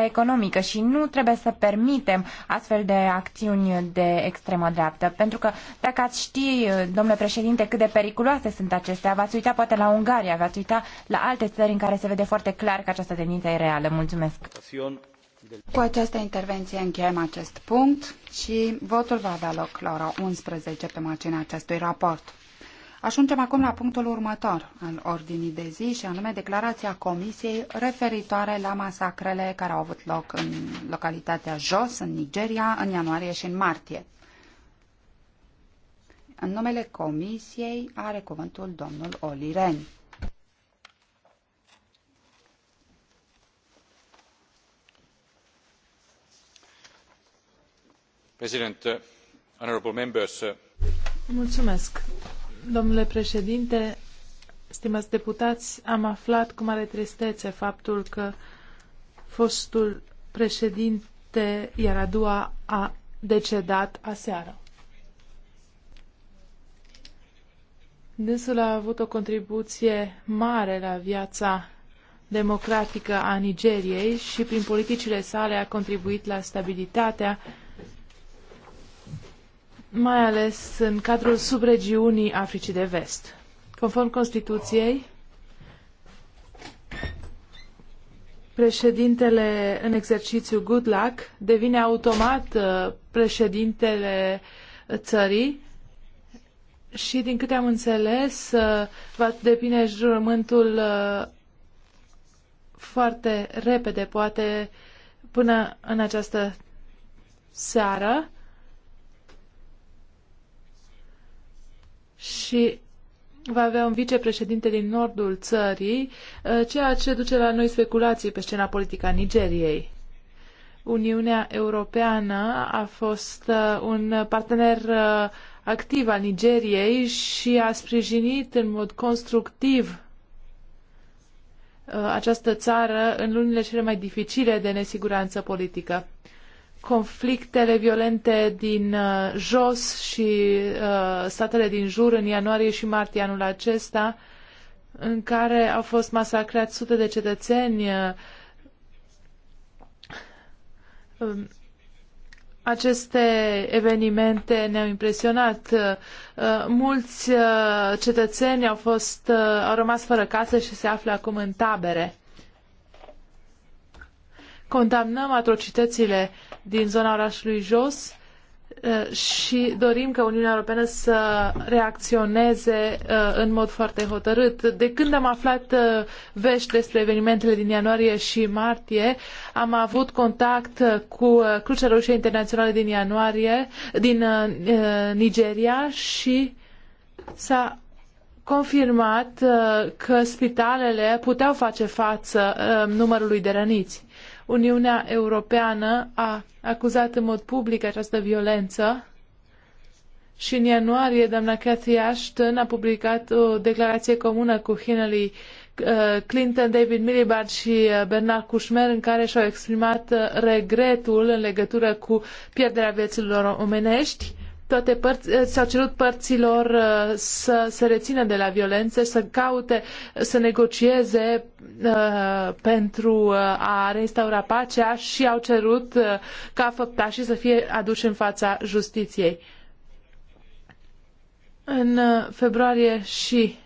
economică și nu trebuie să permitem astfel de acțiuni de extremă dreaptă. Pentru că dacă ați ști, domnule președinte, cât de periculoase sunt acestea, v-ați uita poate la Ungaria, v-ați uita la alte țări în care se vede foarte clar că această tendință e reală. Mulțumesc! Cu această intervenție încheiem acest punct și votul va avea loc la ora 11 pe marginea acestui raport. Ajungem acum la punctul următor al ordinii de zi și anume declarația Comisiei referitoare la masacrele care au avut loc în localitatea Jos, în Nigeria, în ianuarie și în martie. În numele Comisiei are cuvântul domnul Oli members. Uh, Mulțumesc. Domnule președinte, stimați deputați, am aflat cu mare tristețe faptul că fostul președinte Iaradua a decedat aseară. Dânsul a avut o contribuție mare la viața democratică a Nigeriei și prin politicile sale a contribuit la stabilitatea mai ales în cadrul subregiunii Africii de Vest. Conform Constituției, președintele în exercițiu Goodluck devine automat uh, președintele țării și, din câte am înțeles, uh, va depinde jurământul uh, foarte repede, poate până în această seară. și va avea un vicepreședinte din nordul țării, uh, ceea ce duce la noi speculații pe scena politică a Nigeriei. Uniunea Europeană a fost uh, un partener uh, activ al Nigeriei și a sprijinit în mod constructiv această țară în lunile cele mai dificile de nesiguranță politică conflictele violente din uh, jos și uh, statele din jur în ianuarie și martie anul acesta, în care au fost masacrați sute de cetățeni. Uh, um, aceste evenimente ne-au impresionat. Uh, mulți cetățeni au, fost, au rămas fără casă și se află acum în tabere. Condamnăm atrocitățile uh, din zona orașului jos uh, și dorim ca Uniunea Europeană să reacționeze uh, în mod foarte hotărât. De când am aflat uh, vești despre evenimentele din ianuarie și martie, am avut contact cu Crucea Roșie Internațională din ianuarie, din Nigeria și s-a confirmat că spitalele puteau face față numărului de răniți. Uniunea Europeană a acuzat în mod public această violență și în ianuarie doamna Cathy Ashton a publicat o declarație comună cu Hillary uh, Clinton, David Miliband și uh, Bernard Kouchner în care și-au exprimat uh, regretul în legătură cu pierderea vieților omenești toate părți, eh, s-au cerut părților eh, să se rețină de la violențe, să caute, să negocieze eh, pentru a reinstaura pacea și au cerut ca făptașii să fie aduși în fața justiției. În februarie și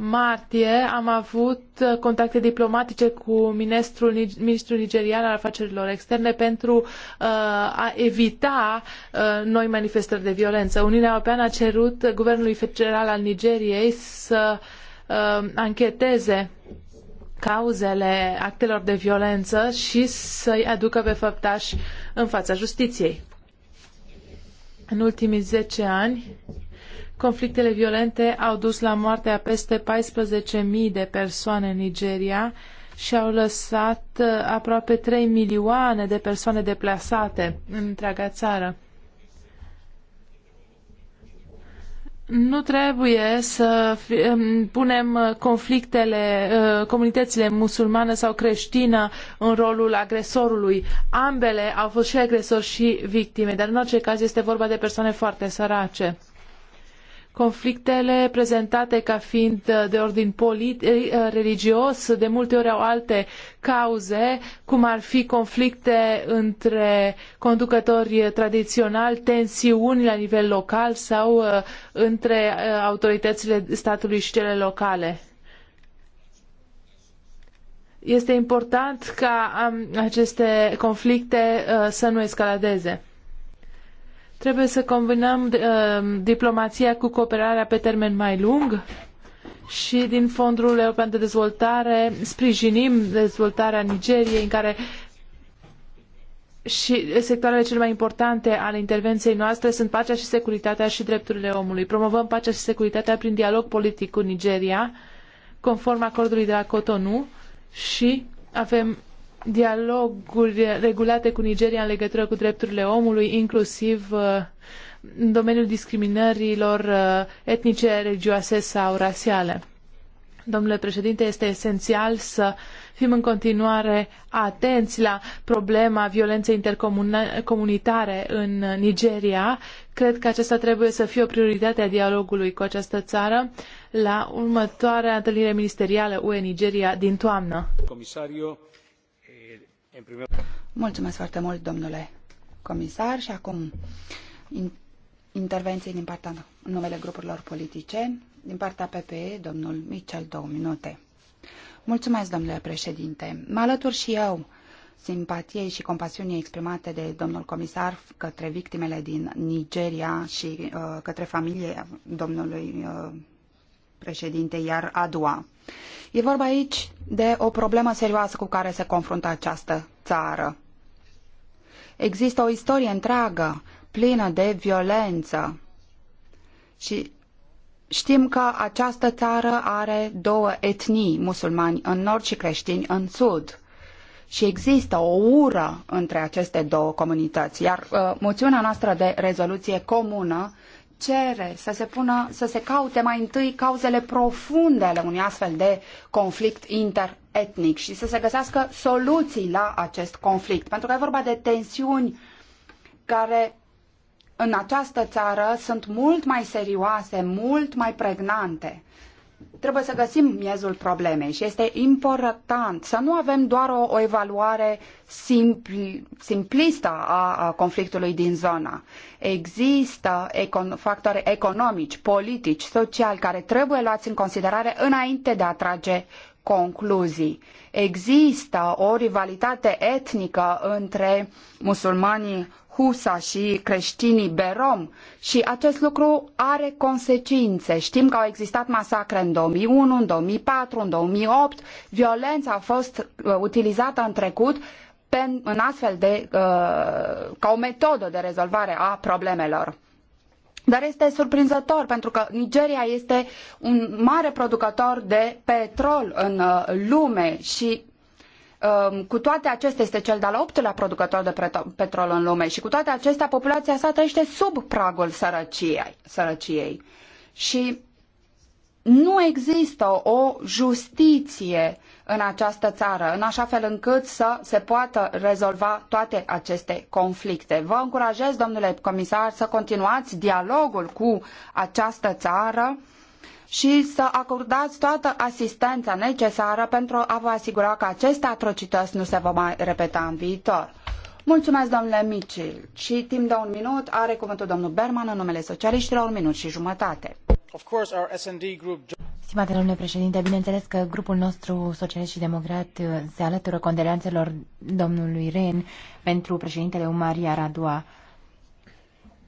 martie am avut contacte diplomatice cu ministrul, ministrul nigerian al afacerilor externe pentru uh, a evita uh, noi manifestări de violență. Uniunea Europeană a cerut guvernului federal al Nigeriei să uh, ancheteze cauzele actelor de violență și să-i aducă pe făptași în fața justiției. În ultimii zece ani, Conflictele violente au dus la moartea peste 14.000 de persoane în Nigeria și au lăsat uh, aproape 3 milioane de persoane deplasate în întreaga țară. Nu trebuie să um, punem uh, conflictele, uh, comunitățile musulmane sau creștină în rolul agresorului. Ambele au fost și agresori și victime, dar în orice caz este vorba de persoane foarte sărace conflictele prezentate ca fiind uh, de ordin polit, eh, religios, de multe ori au alte cauze, cum ar fi conflicte între conducători eh, tradiționali, tensiuni la nivel local sau eh, între autoritățile statului și cele locale. Este important ca aceste conflicte să nu escaladeze. Trebuie să combinăm uh, diplomația cu cooperarea pe termen mai lung și din Fondul European de Dezvoltare sprijinim dezvoltarea Nigeriei în care și sectoarele cele mai importante ale intervenției noastre sunt pacea și securitatea și drepturile omului. Promovăm pacea și securitatea prin dialog politic cu Nigeria, conform acordului de la Cotonou și avem dialoguri regulate cu Nigeria în legătură cu drepturile omului, inclusiv uh, în domeniul discriminărilor uh, etnice, religioase sau rasiale. Domnule președinte, este esențial să fim în continuare atenți la problema violenței intercomunitare în Nigeria. Cred că aceasta trebuie să fie o prioritate a dialogului cu această țară la următoarea întâlnire ministerială UE-Nigeria din toamnă. Comisario... Mulțumesc foarte mult, domnule comisar. Și acum in, intervenții din partea în numele grupurilor politice. Din partea PPE, domnul Michel, două minute. Mulțumesc, domnule președinte. Mă alătur și eu simpatiei și compasiunii exprimate de domnul comisar către victimele din Nigeria și uh, către familia domnului uh, președinte, iar a doua. E vorba aici de o problemă serioasă cu care se confruntă această țară. Există o istorie întreagă, plină de violență. Și știm că această țară are două etnii, musulmani în nord și creștini în sud și există o ură între aceste două comunități. Iar uh, moțiunea noastră de rezoluție comună cere să se, pună, să se caute mai întâi cauzele profunde ale unui astfel de conflict interetnic și să se găsească soluții la acest conflict. Pentru că e vorba de tensiuni care în această țară sunt mult mai serioase, mult mai pregnante trebuie să găsim miezul problemei și este important să nu avem doar o, o evaluare simpl, simplistă a, a, conflictului din zona. Există econ, factori economici, politici, sociali care trebuie luați în considerare înainte de a trage concluzii. Există o rivalitate etnică între musulmanii Husa și creștinii Berom și acest lucru are consecințe. Știm că au existat masacre în 2001, în 2004, în 2008. Violența a fost uh, utilizată în trecut pen, în astfel de, uh, ca o metodă de rezolvare a problemelor. Dar este surprinzător pentru că Nigeria este un mare producător de petrol în uh, lume și Um, cu toate acestea este cel de-al optulea producător de petrol în lume și cu toate acestea populația sa trăiește sub pragul sărăciei. sărăciei. Și nu există o justiție în această țară, în așa fel încât să se poată rezolva toate aceste conflicte. Vă încurajez, domnule comisar, să continuați dialogul cu această țară uh, și să acordați toată asistența necesară pentru a vă asigura că aceste atrocități nu se vor mai repeta în viitor. Mulțumesc, domnule Mitchell. Și timp de un minut are cuvântul domnul Berman în numele socialiștilor, un minut și jumătate. Stimate domnule președinte, bineînțeles că grupul nostru socialist și democrat uh, se alătură condoleanțelor domnului Ren pentru președintele Umar Yaradua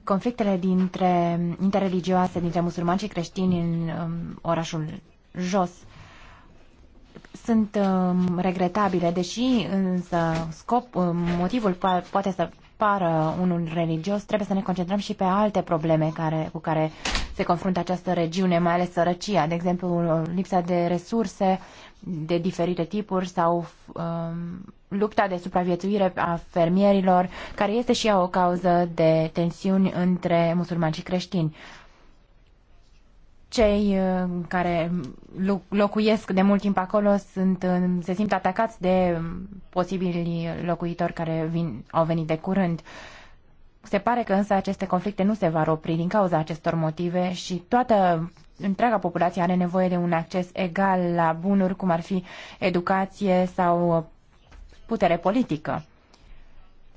conflictele dintre interreligioase dintre musulmani și creștini în um, orașul Jos sunt um, regretabile, deși însă scop, um, motivul po- poate să pară unul religios, trebuie să ne concentrăm și pe alte probleme care, cu care se confruntă această regiune, mai ales sărăcia, de exemplu lipsa de resurse, de diferite tipuri sau um, lupta de supraviețuire a fermierilor, care este și ea o cauză de tensiuni între musulmani și creștini. Cei uh, care locuiesc de mult timp acolo sunt, um, se simt atacați de um, posibili locuitori care vin, au venit de curând. Uh, se pare că însă aceste conflicte nu se vor opri din cauza acestor motive și toată întreaga populație are nevoie de un acces egal la bunuri, cum ar fi educație sau putere politică.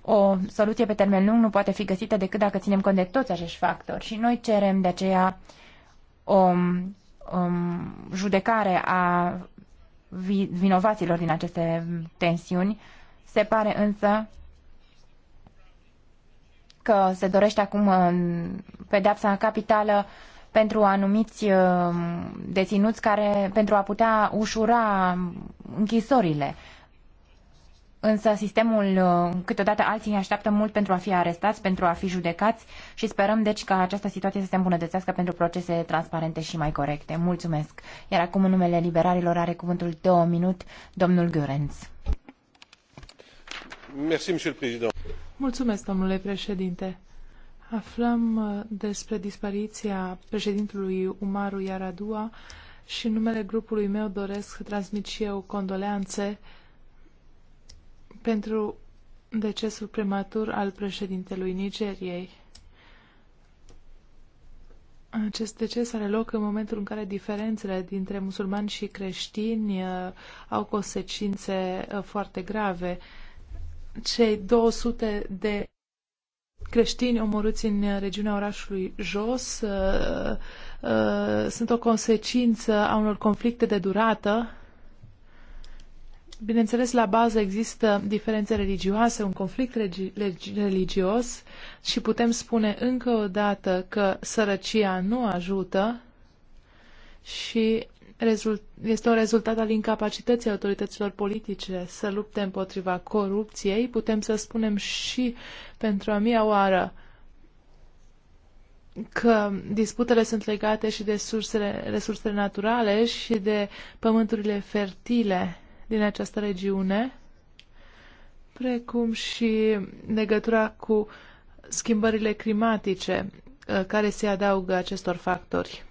O soluție pe termen lung nu poate fi găsită decât dacă ținem cont de toți acești factori și noi cerem de aceea o, o judecare a vinovaților din aceste tensiuni. Se pare însă că se dorește acum um, pedepsa capitală pentru anumiți um, deținuți care, pentru a putea ușura um, închisorile. Însă sistemul, câteodată alții așteaptă mult pentru a fi arestați, pentru a fi judecați și sperăm deci ca această situație să se îmbunătățească pentru procese transparente și mai corecte. Mulțumesc! Iar acum în numele liberalilor are cuvântul două minut domnul Gheorenț. Merci, monsieur le président. Mulțumesc, domnule președinte. Aflăm uh, despre dispariția președintelui Umaru Iaradua și în numele grupului meu doresc să transmit și eu condoleanțe pentru decesul prematur al președintelui Nigeriei. Acest deces are loc în momentul în care diferențele dintre musulmani și creștini uh, au consecințe uh, foarte grave cei 200 de creștini omorâți în regiunea orașului Jos uh, uh, sunt o consecință a unor conflicte de durată. Bineînțeles, la bază există diferențe religioase, un conflict religios și putem spune încă o dată că sărăcia nu ajută și este un rezultat al incapacității autorităților politice să lupte împotriva corupției, putem să spunem și pentru a mia oară că disputele sunt legate și de sursele, resursele naturale și de pământurile fertile din această regiune, precum și legătura cu schimbările climatice uh, care se adaugă acestor factori.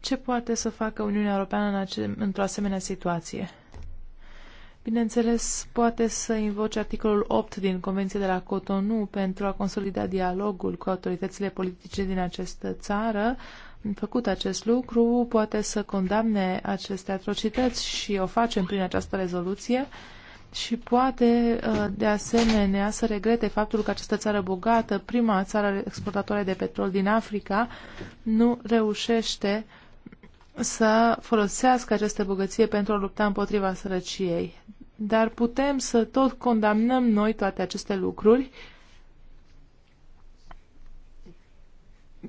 Ce poate să facă Uniunea Europeană în ace- într-o asemenea situație? Bineînțeles, poate să invoce articolul 8 din Convenția de la Cotonou pentru a consolida dialogul cu autoritățile politice din această țară. Făcut acest lucru, poate să condamne aceste atrocități și o facem prin această rezoluție și poate uh, de asemenea să regrete faptul că această țară bogată, prima țară exportatoare de petrol din Africa, nu reușește să folosească aceste bogăție pentru a lupta împotriva sărăciei. Dar putem să tot condamnăm noi toate aceste lucruri.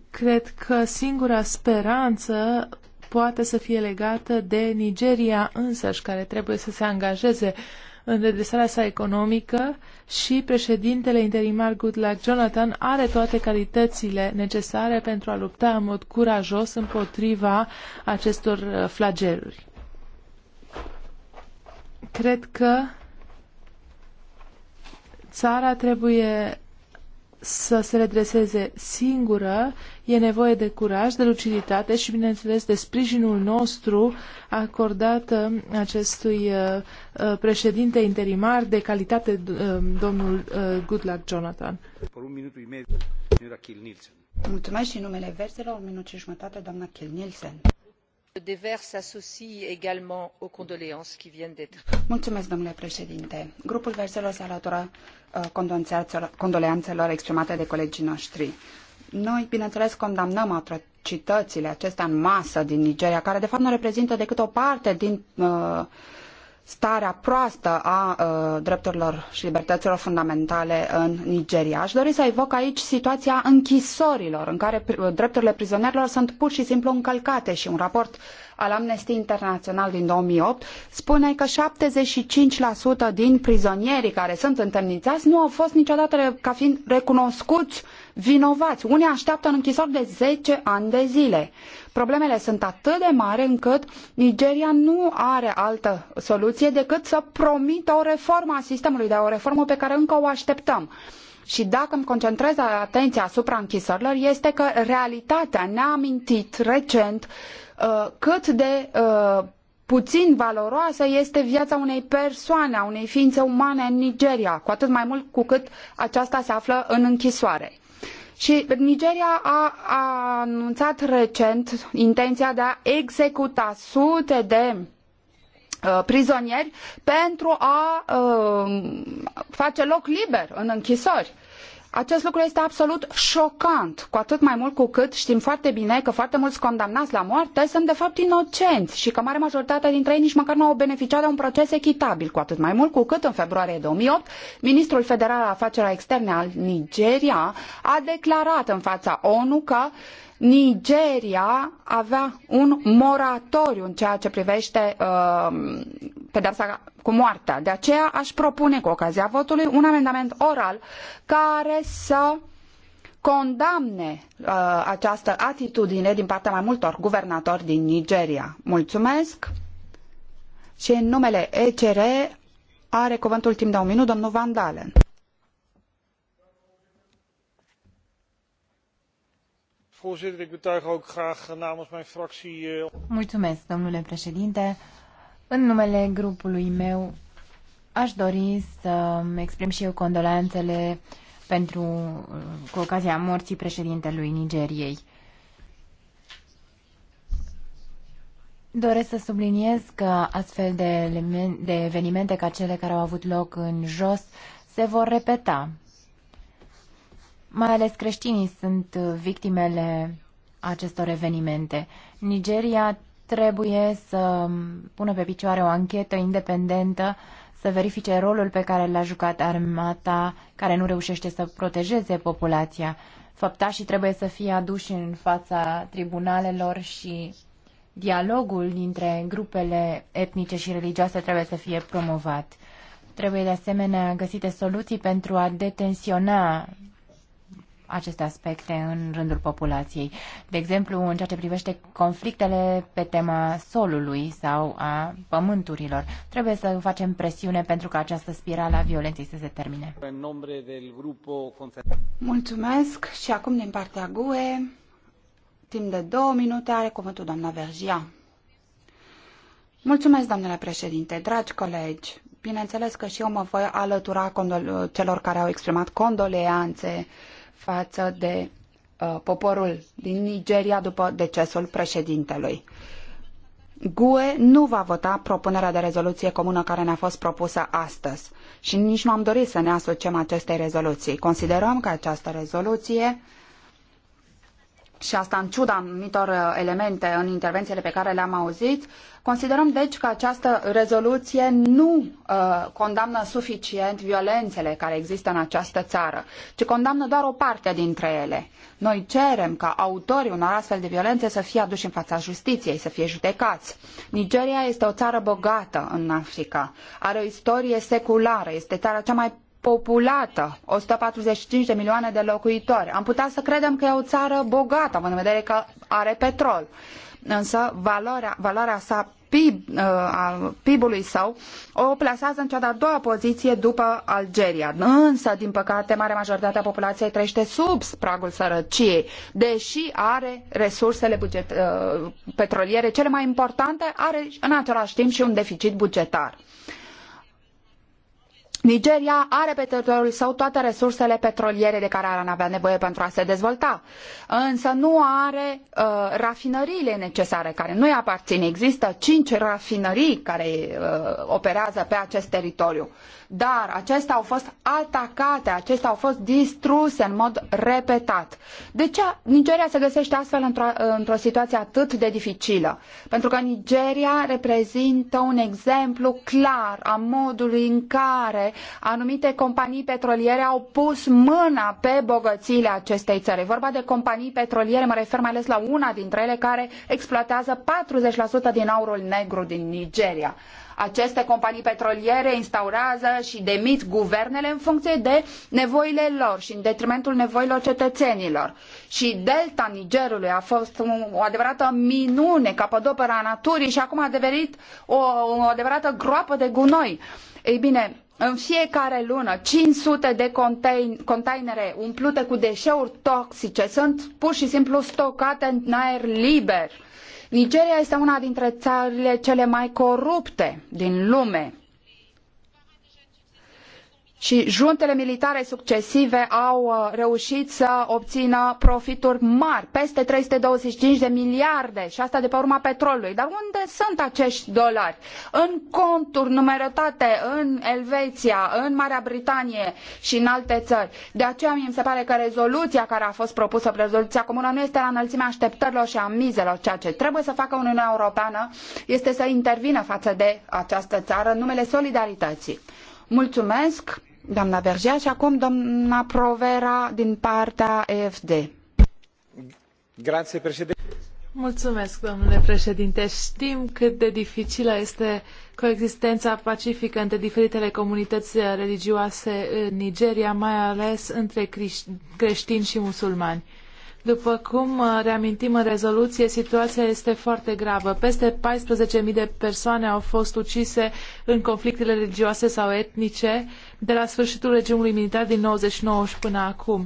Cred că singura speranță poate să fie legată de Nigeria însăși, care trebuie să se angajeze uh, în redresarea sa economică și președintele interimar Goodluck Jonathan are toate calitățile necesare pentru a lupta în mod curajos împotriva acestor uh, flageluri. Cred că țara trebuie să se redreseze singură E nevoie de curaj, de luciditate și, bineînțeles, de sprijinul nostru acordat uh, acestui uh, uh, președinte interimar de calitate, domnul Goodluck Jonathan. Mulțumesc și numele verselor, un minut și jumătate, doamna Kiel Nielsen. Mulțumesc, domnule președinte. grupul Verselor se alătură condoleanțelor exprimate de colegii noștri. Noi, bineînțeles, condamnăm atrocitățile acestea în masă din Nigeria, care de fapt nu reprezintă decât o parte din uh, starea proastă a uh, drepturilor și libertăților fundamentale în Nigeria. Aș dori să evoc aici situația închisorilor, în care drepturile prizonierilor sunt pur și simplu încălcate și un raport al Amnesty International din 2008 spune că 75% din prizonierii care sunt întemnițați nu au fost niciodată ca fiind recunoscuți uh, vinovați. Unii așteaptă în închisori de 10 ani de zile. Problemele sunt atât de mari încât Nigeria nu are altă soluție decât să promită o reformă a sistemului, dar o reformă pe care încă o așteptăm. Și dacă îmi concentrez atenția asupra închisorilor, este că realitatea ne-a amintit recent uh, cât de uh, puțin valoroasă este viața unei persoane, a unei ființe umane în Nigeria, cu atât mai mult cu cât aceasta se află în închisoare. Și Nigeria a, a anunțat recent intenția de a executa sute de uh, prizonieri pentru a uh, face loc liber în închisori. Uh, acest lucru este absolut șocant, cu atât mai mult cu cât știm foarte bine că foarte mulți condamnați la moarte sunt de fapt inocenți și că mare majoritatea dintre ei nici măcar nu au beneficiat de un proces echitabil, cu atât mai mult cu cât în februarie 2008 ministrul federal al afacerilor externe al Nigeria a declarat în fața ONU că Nigeria avea un moratoriu în ceea ce privește uh, cu moartea. De aceea aș propune cu ocazia votului un amendament oral care să condamne uh, această atitudine din partea mai multor guvernatori din Nigeria. Mulțumesc! Și în numele ECR are cuvântul timp de un minut domnul Van Dalen. Voorzitter, eh, Mulțumesc, domnule președinte. În numele grupului meu aș dori să exprim și eu condolențele pentru, cu ocazia morții președintelui Nigeriei. Doresc să subliniez că astfel de, element, de evenimente ca cele care au avut loc în jos se vor repeta mai ales creștinii sunt uh, victimele acestor evenimente. Nigeria trebuie să um, pună pe picioare o anchetă independentă să verifice rolul pe care l-a jucat armata care nu reușește să protejeze populația. Făptașii trebuie să fie aduși în fața tribunalelor și dialogul dintre grupele etnice și religioase trebuie să fie promovat. Trebuie de asemenea găsite soluții pentru a detensiona aceste aspecte în rândul populației. De exemplu, în ceea ce privește conflictele pe tema solului sau a pământurilor, trebuie să facem presiune pentru ca această spirală a violenței să se termine. Mulțumesc și acum din partea GUE, timp de două minute, are cuvântul doamna Vergia. Mulțumesc, domnule președinte, dragi colegi. Bineînțeles că și eu mă voi alătura celor care au exprimat condoleanțe uh, față de uh, poporul din Nigeria după decesul președintelui. GUE nu va vota propunerea de rezoluție comună care ne-a fost propusă astăzi și nici nu am dorit să ne asociem acestei rezoluții. Considerăm că această rezoluție uh, și asta în ciuda anumitor uh, elemente în intervențiile pe care le-am auzit, considerăm deci că această rezoluție nu uh, condamnă suficient violențele care există în această țară, ci condamnă doar o parte dintre ele. Noi cerem ca autorii unor astfel de violențe să fie aduși în fața justiției, să fie judecați. Nigeria este o țară bogată în Africa, are o istorie seculară, este țara cea mai populată, 145 de milioane de locuitori. Am putea să credem că e o țară bogată, având în vedere că are petrol. Însă valoarea, valoarea sa PIB, uh, a PIB-ului său o plasează în cea de-a doua poziție după Algeria. Însă, din păcate, marea majoritatea populației trăiește sub pragul sărăciei, deși are resursele buget, uh, petroliere cele mai importante, are în același timp și un deficit bugetar. Nigeria are pe teritoriul său toate resursele petroliere de care ar avea nevoie pentru a se dezvolta, însă nu are uh, rafinăriile necesare care nu-i aparțin. Există cinci rafinării care uh, operează pe acest teritoriu dar acestea au fost atacate, acestea au fost distruse în mod repetat. De ce Nigeria se găsește astfel într-o, într situație atât de dificilă? Pentru că Nigeria reprezintă un exemplu clar a modului în care anumite companii petroliere au pus mâna pe bogățiile acestei țări. E vorba de companii petroliere, mă refer mai ales la una dintre ele care exploatează 40% din aurul negru din Nigeria. Aceste companii petroliere instaurează și demit guvernele în funcție de nevoile lor și în detrimentul nevoilor cetățenilor. Și delta Nigerului a fost o adevărată minune, capodopera a naturii și acum a devenit o, o adevărată groapă de gunoi. Ei bine, în fiecare lună, 500 de containere umplute cu deșeuri toxice sunt pur și simplu stocate în aer liber Nigeria este una dintre țările cele mai corupte din lume și juntele militare succesive au uh, reușit să obțină profituri mari, peste 325 de miliarde și asta de pe urma petrolului. Dar unde sunt acești dolari? În conturi numerotate în Elveția, în Marea Britanie și în alte ări. De aceea mi se pare că rezoluția care a fost propusă, rezoluția comună, nu este la înălimea ateptărilor i a mizelor. Ceea ce trebuie să facă Uniunea Europeană este să intervină față de această țară în numele solidarității. Mulțumesc! doamna Vergea și acum doamna Provera din partea EFD. Grazie, președinte. Mulțumesc, domnule președinte. Știm cât de dificilă este coexistența pacifică între diferitele comunități religioase în Nigeria, mai ales între creștini și musulmani. După cum uh, reamintim în rezoluție, situația este foarte gravă. Peste 14.000 de persoane au fost ucise în conflictele religioase sau etnice de la sfârșitul regimului militar din 99 și până acum.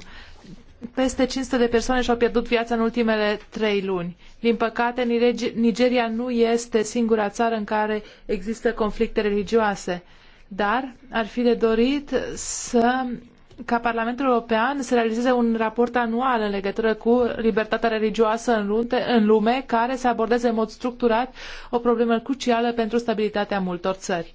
Peste 500 de persoane și-au pierdut viața în ultimele trei luni. Din păcate, Nigeria nu este singura țară în care există conflicte religioase dar ar fi de dorit să ca Parlamentul European să realizeze un raport anual în legătură cu libertatea religioasă în, lunte, în lume, care să abordeze în mod structurat o problemă crucială pentru stabilitatea multor țări.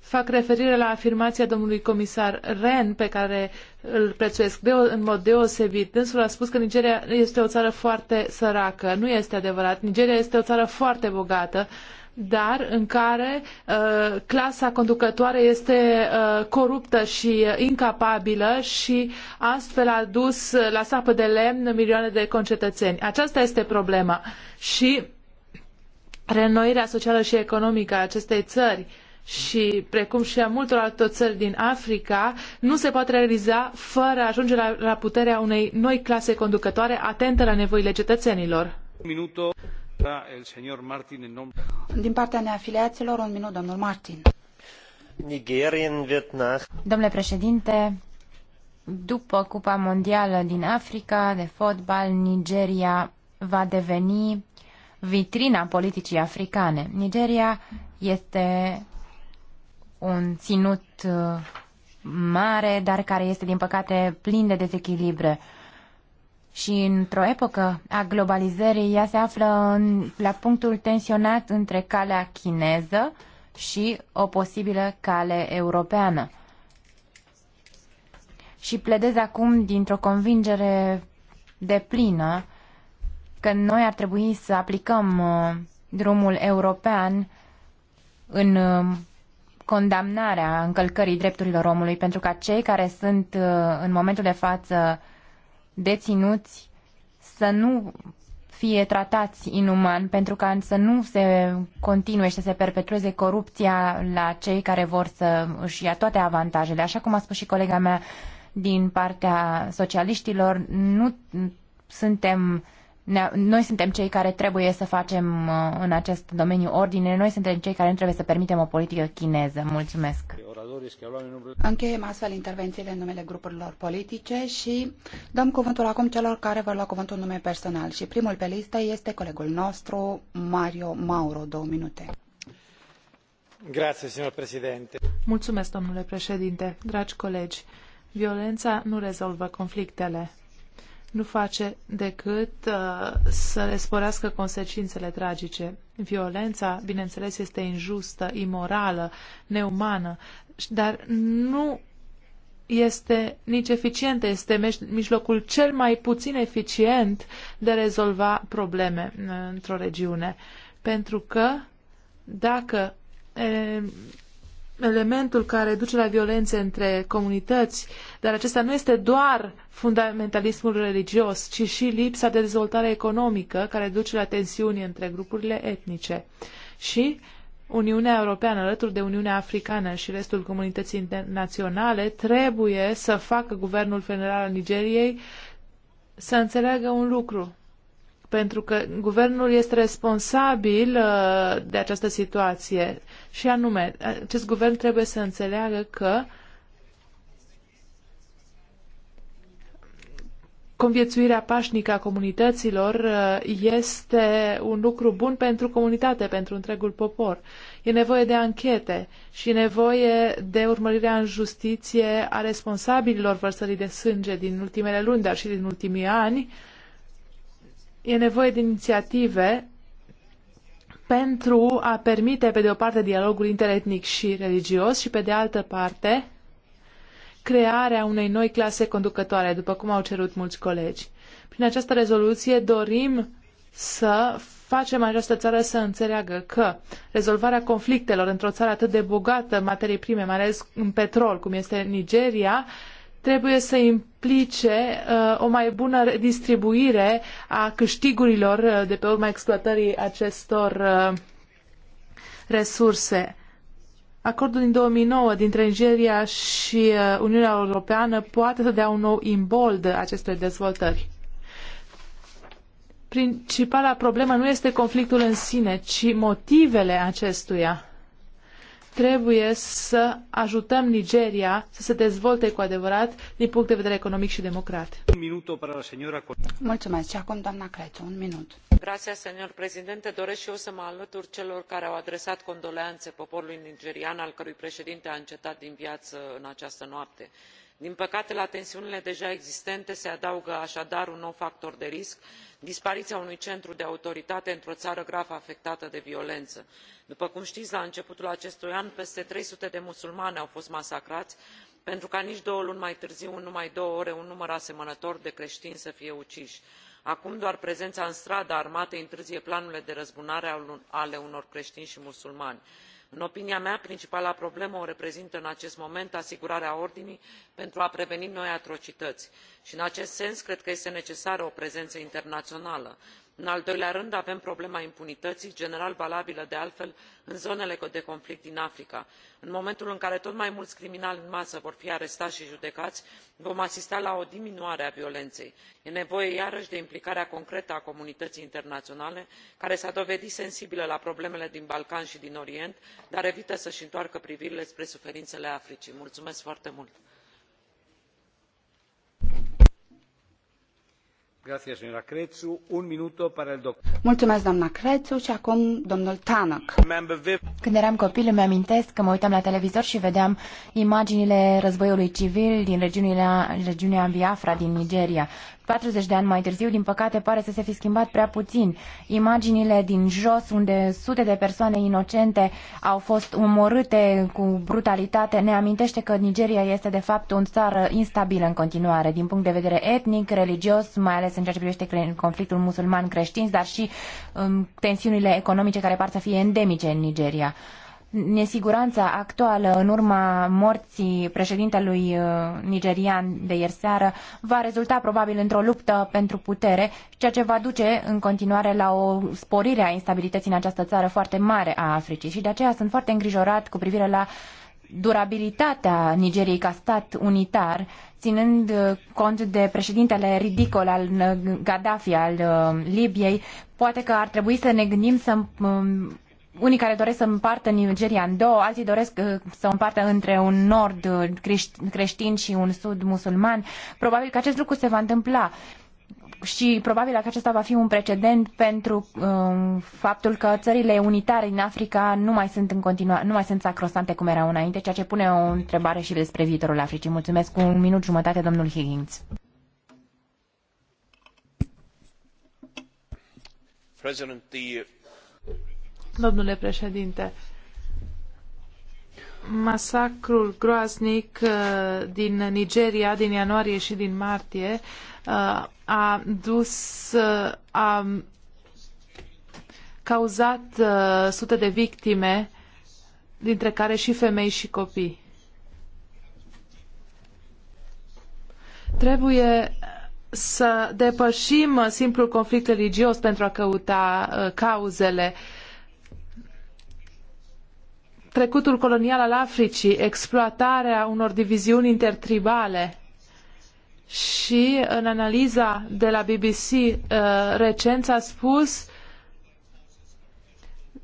Fac referire la afirmația domnului comisar Ren, pe care îl prețuiesc de, în mod deosebit. Dânsul a spus că Nigeria este o țară foarte săracă. Nu este adevărat. Nigeria este o țară foarte bogată. Uh, dar în care uh, clasa conducătoare este uh, coruptă și uh, incapabilă și astfel a dus la sapă de lemn milioane de concetățeni. Aceasta este problema. Și reînnoirea socială și economică a acestei țări și precum și a multor alte țări din Africa, nu se poate realiza fără a ajunge la, la puterea unei noi clase conducătoare atente la nevoile cetățenilor. Minuto. Din partea neafiliaților, un minut, domnul Martin. Domnule președinte, după Cupa Mondială din Africa de fotbal, Nigeria va deveni vitrina politicii africane. Nigeria este un ținut uh, mare, dar care este, din păcate, plin de dezechilibre și într-o epocă a globalizării, ea se află în, la punctul tensionat între calea chineză și o posibilă cale europeană. Și pledez acum dintr-o convingere de plină că noi ar trebui să aplicăm uh, drumul european în uh, condamnarea încălcării drepturilor omului, pentru ca cei care sunt uh, în momentul de față deținuți să nu fie tratați inuman pentru ca să nu se continue și să se perpetueze corupția la cei care vor să își ia toate avantajele. Așa cum a spus și colega mea din partea socialiștilor, nu suntem noi suntem cei care trebuie să facem uh, în acest domeniu ordine, noi suntem cei care nu trebuie să permitem o politică chineză. Mulțumesc! Încheiem astfel intervențiile în numele grupurilor politice și dăm cuvântul acum celor care vor lua cuvântul în nume personal. Și primul pe listă este colegul nostru, Mario Mauro, două minute. Grazie, Mulțumesc, domnule președinte, dragi colegi. Violența nu rezolvă conflictele nu face decât uh, să le sporească consecințele tragice. Violența, bineînțeles, este injustă, imorală, neumană, dar nu este nici eficientă, este mijlocul cel mai puțin eficient de a rezolva probleme uh, într-o regiune. Pentru că dacă eh, elementul care duce la violențe între comunități, dar acesta nu este doar fundamentalismul religios, ci și lipsa de dezvoltare economică care duce la tensiuni între grupurile etnice. Și Uniunea Europeană, alături de Uniunea Africană și restul comunității internaționale, trebuie să facă guvernul federal al Nigeriei să înțeleagă un lucru pentru că guvernul este responsabil uh, de această situație. Și anume, acest guvern trebuie să înțeleagă că conviețuirea pașnică a comunităților uh, este un lucru bun pentru comunitate, pentru întregul popor. E nevoie de anchete și e nevoie de urmărirea în justiție a responsabililor vărsării de sânge din ultimele luni, dar și din ultimii ani, e nevoie de inițiative pentru a permite, pe de o parte, dialogul interetnic și religios și, pe de altă parte, crearea unei noi clase conducătoare, după cum au cerut mulți colegi. Prin această rezoluție dorim să facem această țară să înțeleagă că rezolvarea conflictelor într-o țară atât de bogată în materii prime, mai ales în petrol, cum este Nigeria, trebuie să implice uh, o mai bună distribuire a câștigurilor uh, de pe urma exploatării acestor uh, resurse. Acordul din 2009 dintre Nigeria și Uniunea Europeană poate să dea un nou imbold acestei dezvoltări. Principala problemă nu este conflictul în sine, ci motivele acestuia. Trebuie să ajutăm Nigeria să se dezvolte cu adevărat din punct de vedere economic și democrat. Mulțumesc. Și acum, doamna Crețu, un minut. Grazie, senior președinte. Doresc și eu să mă alătur celor care au adresat condoleanțe poporului nigerian, al cărui președinte a încetat din viață în această noapte din păcate la tensiunile deja existente se adaugă aadar un nou factor de risc dispariia unui centru de autoritate într o ară grav afectată de violenă. după cum tii la începutul acestui an peste trei sute de musulmani au fost masacrai pentru ca nici două luni mai târziu în numai două ore un număr asemănător de cretini să fie ucii. acum doar prezena în stradă a armatei întârzie planurile de răzbunare ale unor cretini i musulmani în opinia mea principala problemă o reprezintă în acest moment asigurarea ordinii pentru a preveni noi atrocităi i în acest sens cred că este necesară o prezenă internaională în al doilea rând avem problema impunității general valabilă de altfel în zonele de conflict din africa. în momentul în care tot mai mulți criminali în masă vor fi arestați și judecați vom asista la o diminuare a violenței. e nevoie iarăși de implicarea concretă a comunității internaționale care s a dovedit sensibilă la problemele din balcani și din orient dar evită să i întoarcă privirile spre suferințele africii. mulțumesc foarte mult! Mulțumesc, Crețu, și acum domnul Când eram copil, îmi amintesc că mă uitam la televizor și vedeam imaginile războiului civil din regiunea, regiunea Biafra din Nigeria. 40 de ani mai târziu, din păcate, pare să se fi schimbat prea puțin. Imaginile din jos, unde sute de persoane inocente au fost omorâte cu brutalitate, ne amintește că Nigeria este, de fapt, o țară instabilă în continuare, din punct de vedere etnic, religios, mai ales în ceea ce privește conflictul musulman-creștin, dar și um, tensiunile economice care par să fie endemice în Nigeria nesiguranța actuală în urma morții președintelui uh, nigerian de ieri seară va rezulta probabil într-o luptă pentru putere, ceea ce va duce în continuare la o sporire a instabilității în această țară foarte mare a Africii și de aceea sunt foarte îngrijorat cu privire la durabilitatea Nigeriei ca stat unitar, ținând uh, cont de președintele ridicol al uh, Gaddafi al Libiei, poate că ar trebui să ne gândim să um, unii care doresc să împartă Nigeria în două, alții doresc uh, să o împartă între un nord uh, creștin și un sud musulman. Probabil că acest lucru se va întâmpla și probabil că acesta va fi un precedent pentru um, faptul că țările unitare din Africa nu mai sunt în continuare, nu mai sunt sacrosante cum erau înainte, ceea ce pune o întrebare și despre viitorul Africii. Mulțumesc cu un minut jumătate, domnul Higgins. President, the Domnule președinte, masacrul groaznic uh, din Nigeria din ianuarie și din martie uh, a dus uh, a cauzat sute de victime, dintre care și femei și copii. Trebuie să depășim simplul conflict religios pentru a căuta cauzele uh, trecutul colonial al Africii, exploatarea unor diviziuni intertribale și în analiza de la BBC uh, recent s-a spus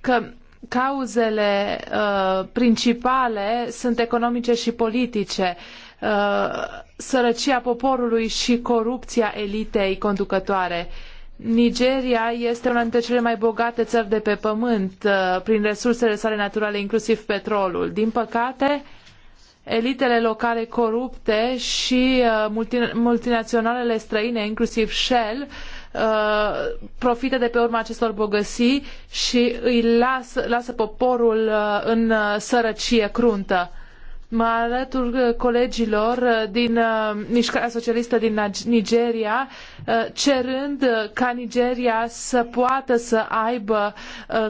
că cauzele uh, principale sunt economice și politice. Uh, sărăcia poporului și corupția elitei conducătoare. Nigeria este una dintre cele mai bogate țări de pe pământ uh, prin resursele sale naturale, inclusiv petrolul. Din păcate, elitele locale corupte și uh, multinaționalele străine, inclusiv Shell, uh, profită de pe urma acestor bogății și îi lasă, lasă poporul în sărăcie cruntă. Mă alătur uh, colegilor uh, din uh, Mișcarea Socialistă din Nigeria, cerând ca Nigeria să poată să aibă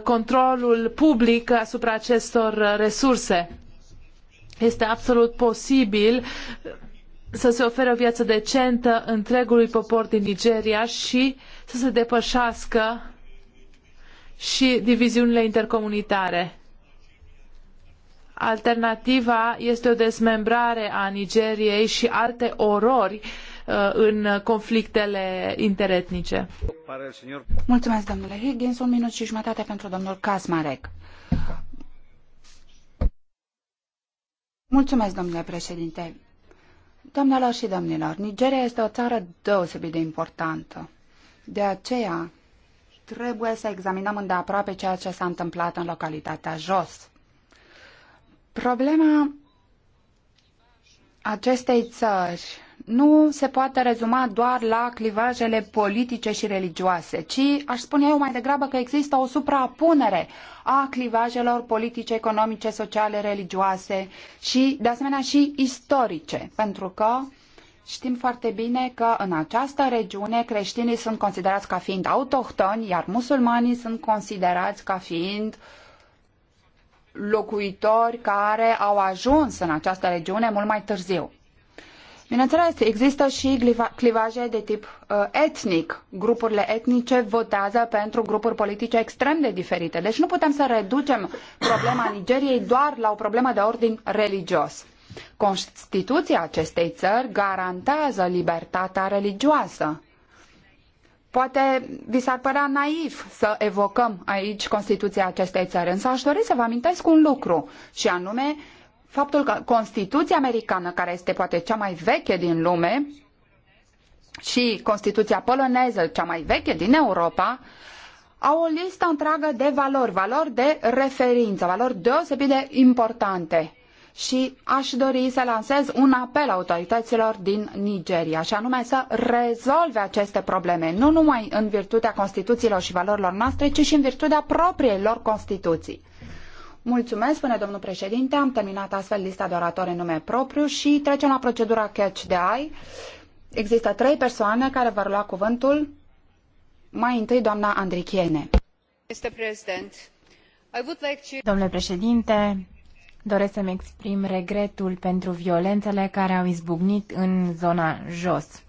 controlul public asupra acestor resurse. Este absolut posibil să se ofere o viață decentă întregului popor din Nigeria și să se depășească și diviziunile intercomunitare Alternativa este o dezmembrare a Nigeriei și alte orori uh, în conflictele interetnice. Mulțumesc, domnule Higgins. Un minut și jumătate pentru domnul Kasmarek. Mulțumesc, domnule președinte. Doamnelor și domnilor, Nigeria este o țară deosebit de importantă. De aceea, trebuie să examinăm îndeaproape ceea ce s-a întâmplat în localitatea Jos. Problema acestei țări nu se poate rezuma doar la clivajele politice și religioase, ci aș spune eu mai degrabă că există o suprapunere a clivajelor politice, economice, sociale, religioase și, de asemenea, și istorice, pentru că Știm foarte bine că în această regiune creștinii sunt considerați ca fiind autohtoni, iar musulmanii sunt considerați ca fiind uh, locuitori care au ajuns în această regiune mult mai târziu. Bineînțeles, există și clivaje de tip uh, etnic. Grupurile etnice votează pentru grupuri politice extrem de diferite. Deci nu putem să reducem problema Nigeriei doar la o problemă de ordin religios. Constituția acestei țări garantează libertatea religioasă Poate vi s-ar părea naiv să evocăm aici Constituția acestei țări, însă aș dori să vă amintesc un lucru, și anume faptul că Constituția americană, care este poate cea mai veche din lume, și Constituția poloneză, cea mai veche din Europa, au o listă întreagă de valori, valori de referință, valori deosebit de importante și aș dori să lansez un apel autorităților din Nigeria, și anume să rezolve aceste probleme, nu numai în virtutea Constituțiilor și valorilor noastre, ci și în virtutea propriei lor Constituții. Mulțumesc, spune domnul președinte, am terminat astfel lista de oratori în nume propriu și trecem la procedura catch de ai. Există trei persoane care vor lua cuvântul. Mai întâi doamna Andrichiene. Domnule președinte, Doresc să-mi exprim regretul pentru violențele care au izbucnit în zona jos,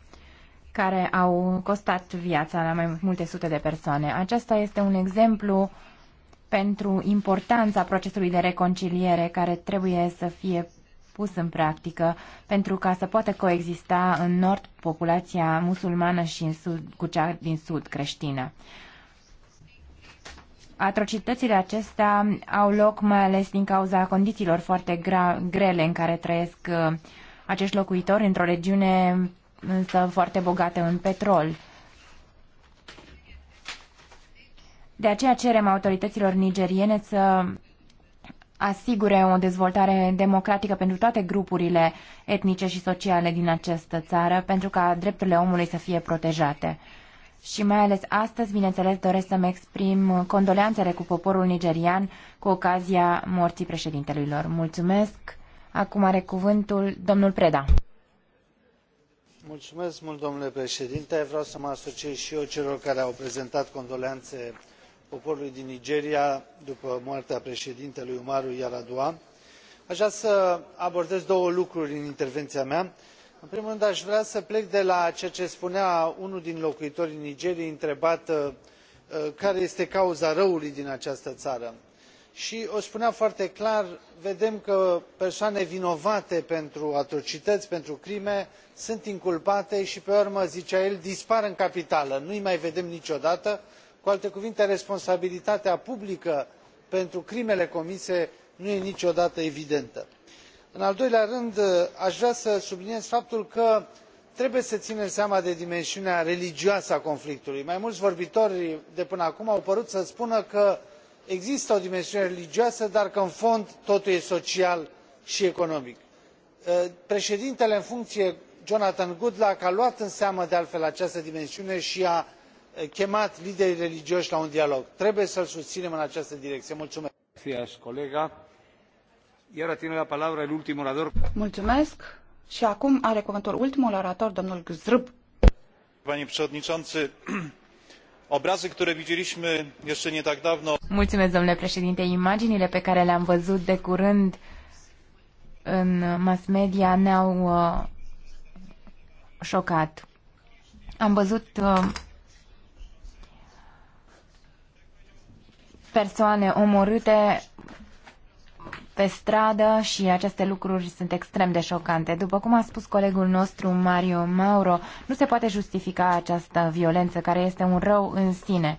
care au costat viața la mai multe sute de persoane. Acesta este un exemplu pentru importanța procesului de reconciliere care trebuie să fie pus în practică pentru ca să poată coexista în nord populația musulmană și în sud cu cea din sud creștină. Atrocitățile acestea au loc mai ales din cauza condițiilor foarte grele în care trăiesc uh, acești locuitori într-o regiune însă foarte bogată în petrol. De aceea cerem autorităților nigeriene să asigure o dezvoltare democratică pentru toate grupurile etnice și sociale din această țară, pentru ca drepturile omului să fie protejate și mai ales astăzi, bineînțeles, doresc să-mi exprim condoleanțele cu poporul nigerian cu ocazia morții președintelui lor. Mulțumesc! Acum are cuvântul domnul Preda. Mulțumesc mult, domnule președinte. Vreau să mă asociez și eu celor care au prezentat condoleanțe poporului din nigeria după moartea președintelui umaru yar'adua. aș vrea să abordez două lucruri în intervenția mea în primul rând a vrea să plec de la ceea ce spunea unul din locuitorii nigeriei întrebat uh, uh, care este cauza răului din această ară i o spunea foarte clar vedem că persoane vinovate pentru atrocităi pentru crime sunt inculpate i pe urmă zicea el dispar în capitală nu îi mai vedem niciodată cu alte cuvinte responsabilitatea publică pentru crimele comise nu e niciodată evidentă în al doilea rând uh, a vrea să subliniez faptul că trebuie să inem seama de dimensiunea religioasă a conflictului. mai muli vorbitori de până acum au părut să spună că există o dimensiune religioasă dar că în fond totul este social i economic. Uh, preedintele în funcie jonathan goodluck a luat în seamă de altfel această dimensiune i a uh, chemat liderii religioi la un dialog. trebuie să îl susinem în această direcie. Mulțumesc. Și acum are cuvântul ultimul orator, domnul Gzrb. Panie przewodniczący, obrazy, które widzieliśmy jeszcze nie tak dawno. Mulțumesc, domnule președinte. Imaginile pe care le-am văzut de curând în mass media ne-au uh, șocat. Am văzut uh, persoane omorâte pe stradă și aceste lucruri sunt extrem de șocante. După cum a spus colegul nostru Mario Mauro, nu se poate justifica această violență care este un rău în sine.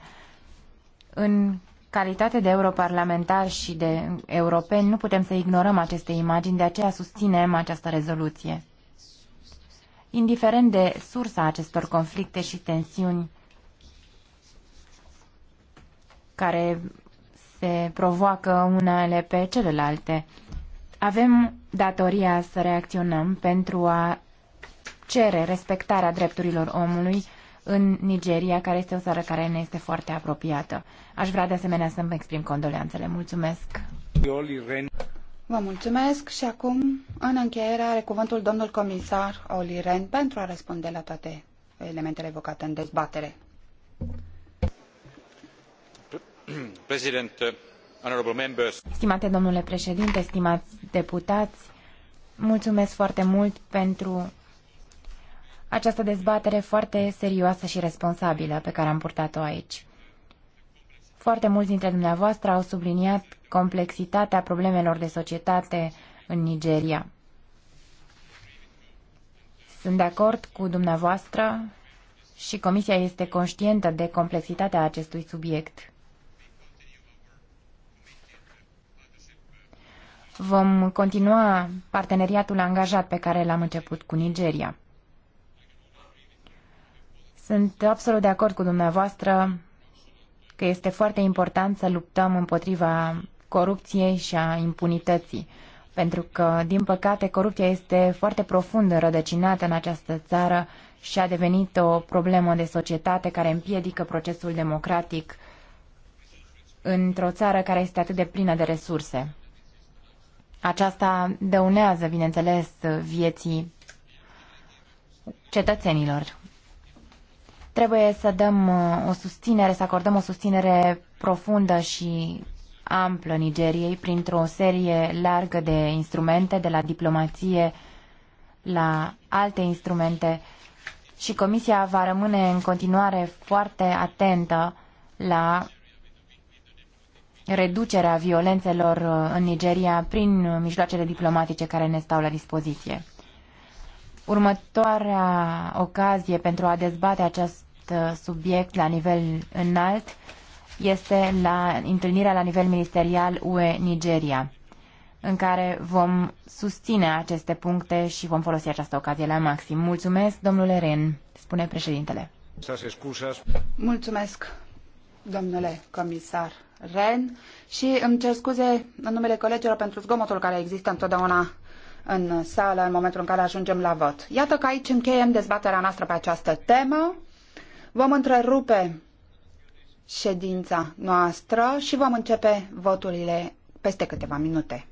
În calitate de europarlamentar și de europeni nu putem să ignorăm aceste imagini, de aceea susținem această rezoluție. Indiferent de sursa acestor conflicte și tensiuni care se provoacă unele pe celelalte. Avem datoria să reacționăm pentru a cere respectarea drepturilor omului în Nigeria, care este o țară care ne este foarte apropiată. Aș vrea de asemenea să-mi exprim condoleanțele. Mulțumesc! Vă mulțumesc și acum, în încheiere, are cuvântul domnul comisar Oli Ren pentru a răspunde la toate elementele evocate în dezbatere. Stimate domnule președinte, stimați deputați, mulțumesc foarte mult pentru această dezbatere foarte serioasă și responsabilă pe care am purtat-o aici. Foarte mulți dintre dumneavoastră au subliniat complexitatea problemelor de societate în Nigeria. Sunt de acord cu dumneavoastră și Comisia este conștientă de complexitatea acestui subiect. Vom continua parteneriatul angajat pe care l-am început cu Nigeria. Sunt absolut de acord cu dumneavoastră că este foarte important să luptăm împotriva corupției și a impunității, pentru că, din păcate, corupția este foarte profund înrădăcinată în această țară și a devenit o problemă de societate care împiedică procesul democratic într-o țară care este atât de plină de resurse. Aceasta dăunează, bineînțeles, vieții cetățenilor. Trebuie să dăm uh, o susținere, să acordăm o susținere profundă și amplă Nigeriei printr-o serie largă de instrumente, de la diplomație la alte instrumente și Comisia va rămâne în continuare foarte atentă la reducerea violențelor uh, în Nigeria prin uh, mijloacele diplomatice care ne stau la dispoziție. Următoarea ocazie pentru a dezbate acest uh, subiect la nivel înalt este la întâlnirea la nivel ministerial UE-Nigeria, în care vom susține aceste puncte și vom folosi această ocazie la maxim. Mulțumesc, domnule Ren, spune președintele. Mulțumesc, domnule comisar Ren și îmi cer scuze în numele colegilor pentru zgomotul care există întotdeauna în sală în momentul în care ajungem la vot. Iată că aici încheiem dezbaterea noastră pe această temă. Vom întrerupe ședința noastră și vom începe voturile peste câteva minute.